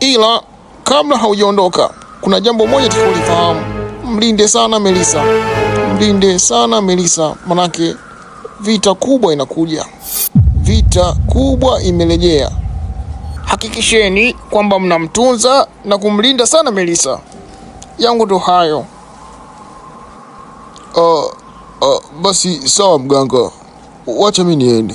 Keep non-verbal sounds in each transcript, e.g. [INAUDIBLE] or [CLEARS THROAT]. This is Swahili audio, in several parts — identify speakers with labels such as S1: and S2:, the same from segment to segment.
S1: Ila kabla haujaondoka, kuna jambo moja tukulifahamu, mlinde sana Melisa, mlinde sana Melisa, manake vita kubwa inakuja, vita kubwa imerejea. Hakikisheni kwamba mnamtunza na kumlinda sana Melisa. Yangu ndo hayo.
S2: Uh, uh, basi sawa mganga, wacha mimi niende.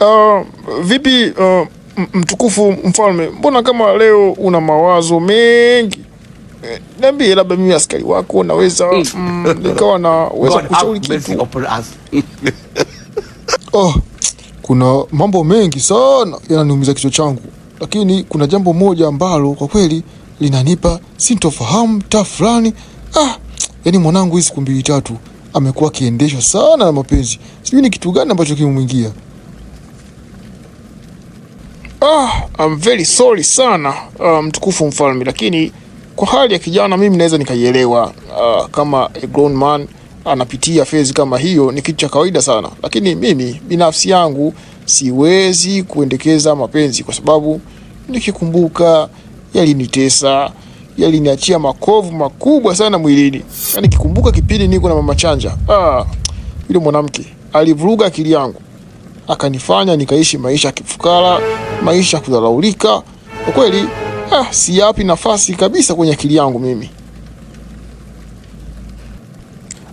S1: Uh, [CLEARS THROAT] vipi uh, mtukufu mfalme, mbona kama leo una mawazo mengi? Eh, niambie, labda mimi askari wako naweza mm, nikawa mm, naweza [LAUGHS] kushauri kitu. [LAUGHS] Oh, kuna mambo mengi sana yananiumiza kichwa changu, lakini kuna jambo moja ambalo kwa kweli linanipa sintofahamu ta fulani. Ah, yani mwanangu, hizi siku mbili tatu amekuwa akiendeshwa sana na mapenzi, sijui ni kitu gani ambacho kimemwingia. Ah, I'm very sorry sana uh, mtukufu mfalme, lakini kwa hali ya kijana mimi naweza nikaielewa. Uh, kama a grown man anapitia fezi kama hiyo ni kitu cha kawaida sana, lakini mimi binafsi yangu siwezi kuendekeza mapenzi kwa sababu nikikumbuka yalinitesa yaliniachia makovu makubwa sana mwilini. Yaani kikumbuka kipindi niko na mama Chanja, ah, yule mwanamke alivuruga akili yangu akanifanya nikaishi maisha ya kifukara, maisha ya kudharaulika. Kwa kweli ah, siyapi nafasi kabisa kwenye akili yangu mimi.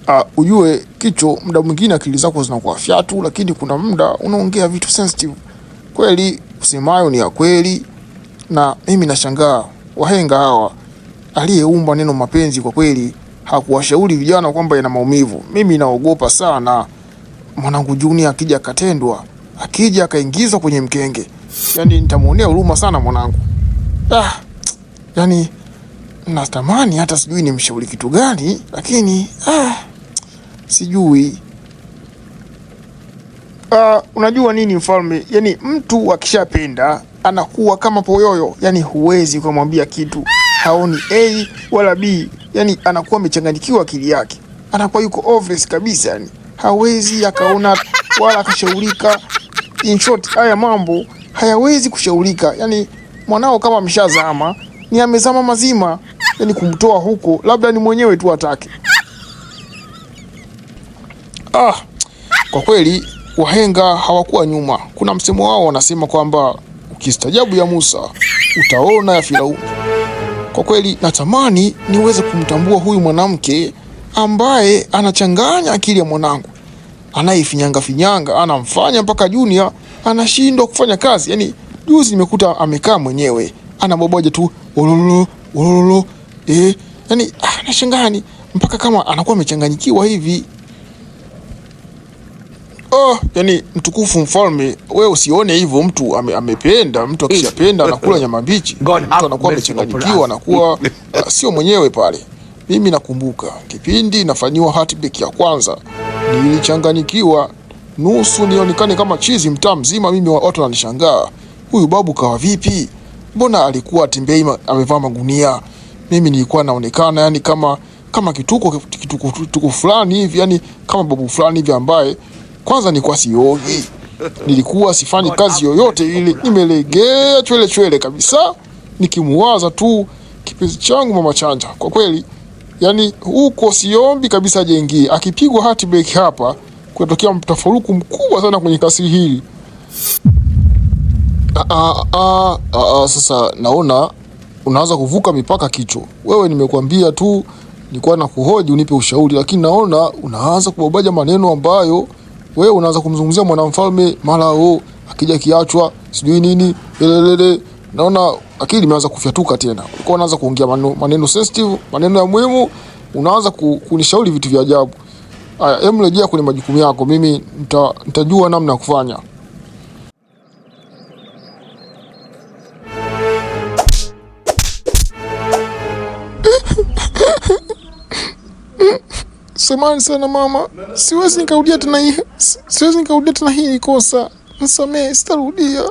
S1: Ah, ujue kicho, muda mwingine akili zako zinakuwa fyatu, lakini kuna muda unaongea vitu sensitive kweli, usemayo ni ya kweli, na mimi nashangaa wahenga hawa aliyeumba neno mapenzi kwa kweli hakuwashauri vijana kwamba yana maumivu. Mimi naogopa sana mwanangu Juni akija akatendwa, akija akaingizwa kwenye mkenge, yani nitamuonea huruma sana mwanangu. Ah, yani natamani hata sijui nimshauri kitu gani, lakini ah, sijui ah, unajua nini mfalme, yani mtu akishapenda anakuwa kama poyoyo, yani huwezi kumwambia kitu haoni A wala B, yani anakuwa amechanganyikiwa akili yake, anakuwa yuko obvious kabisa, yani hawezi akaona wala akashaurika. In short, haya mambo hayawezi kushaurika. Yani mwanao kama ameshazama ni amezama mazima, yani kumtoa huko labda ni mwenyewe tu atake. Ah, kwa kweli wahenga hawakuwa nyuma. Kuna msemo wao wanasema kwamba ukistajabu ya Musa utaona ya Firauni. Kwa kweli natamani niweze kumtambua huyu mwanamke ambaye anachanganya akili ya mwanangu, anayefinyanga finyanga, anamfanya mpaka Junior anashindwa kufanya kazi. Yani juzi nimekuta amekaa mwenyewe anaboboja tu ololo ololo, eh, yani ah, anashangani mpaka kama anakuwa amechanganyikiwa hivi oh, yani mtukufu mfalme, we usione hivyo. Mtu ame, amependa mtu akishapenda anakula nyama mbichi, mtu anakuwa amechanganyikiwa, anakuwa uh, sio mwenyewe pale. Mimi nakumbuka kipindi nafanyiwa heartbreak ya kwanza, nilichanganyikiwa nusu nionekane kama chizi mtaa mzima. Mimi watu wananishangaa, huyu babu kawa vipi? Mbona alikuwa atembei amevaa magunia? Mimi nilikuwa naonekana yani kama kama kituko kituko, kituko fulani hivi yani kama babu fulani hivi ambaye kwanza nilikuwa siogi, nilikuwa sifanyi kazi yoyote ile, nimelegea chwele chwele kabisa, nikimuwaza tu kipenzi changu mama Chanja. Kwa kweli, yani huko siombi kabisa jengi. Akipigwa hati break hapa, kutokea mtafaruku mkubwa sana kwenye kasi hili. Aa, ah, aa, ah, aa, ah, sasa naona unaanza kuvuka mipaka kicho. Wewe nimekuambia tu nilikuwa na kuhoji unipe ushauri, lakini naona unaanza kubabaja maneno ambayo wewe unaanza kumzungumzia mwanamfalme mara o akija kiachwa sijui nini lelelele, naona akili imeanza kufyatuka tena. Ulikuwa unaanza kuongea maneno sensitive, maneno ya muhimu, unaanza kunishauri vitu vya ajabu. Haya, hebu rejea kwenye majukumu yako, mimi nitajua namna ya kufanya. Samahani sana mama, siwezi nikarudia tena hii, siwezi nikarudia tena hii kosa. Nisamehe, sitarudia.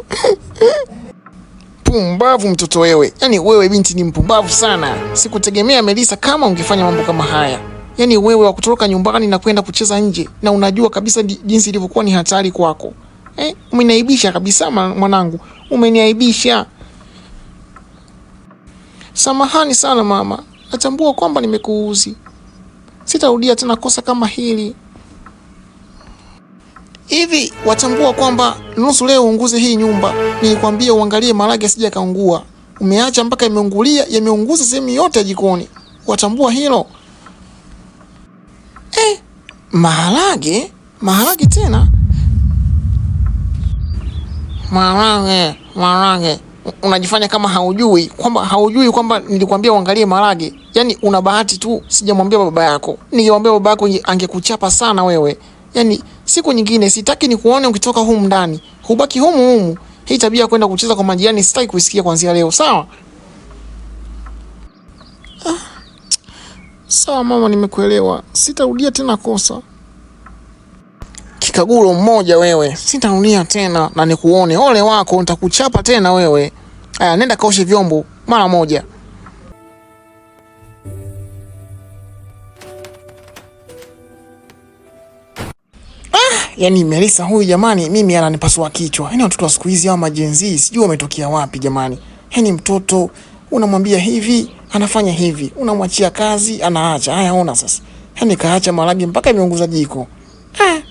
S1: Mpumbavu [LAUGHS] mtoto wewe, yaani wewe binti ni mpumbavu sana. Sikutegemea Melisa kama ungefanya mambo kama haya. Yaani wewe wa kutoroka nyumbani na kwenda kucheza nje, na unajua kabisa jinsi ilivyokuwa ni hatari kwako. Eh, umeniaibisha kabisa mwanangu, umeniaibisha. Samahani sana mama, natambua kwamba nimekuuzi sitarudia tena kosa kama hili. Hivi watambua kwamba nusu leo uunguze hii nyumba? Nilikwambia uangalie marage asije kaungua umeacha mpaka yameungulia, yameunguza sehemu yote ya jikoni. Watambua hilo eh? Maharage, maharage tena maharage, maharage unajifanya kama haujui kwamba haujui kwamba nilikwambia uangalie marage. Yani una bahati tu sijamwambia baba yako, ningemwambia baba yako angekuchapa sana wewe. Yani siku nyingine sitaki nikuone ukitoka humu ndani, hubaki humu humu. Hii tabia ya kwenda kucheza kwa majirani sitaki kuisikia kuanzia leo, sawa? Ah, sawa mama, nimekuelewa, sitarudia tena kosa. Kikagulo mmoja wewe, sitaunia tena na nikuone. Ole wako, nitakuchapa tena wewe. Aya, nenda kaoshe vyombo mara moja. Yaani Melissa huyu jamani, mimi ananipasua kichwa. Yaani watoto wa siku hizi hawa majenzi sijui wametokea wapi jamani. Yaani mtoto unamwambia hivi, anafanya hivi, unamwachia kazi, anaacha. Haya, ona sasa. Yaani kaacha maragi mpaka imeunguza jiko. Ah.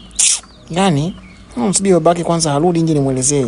S1: Gani? Msubiri hmm, babake kwanza harudi nje nimwelezee.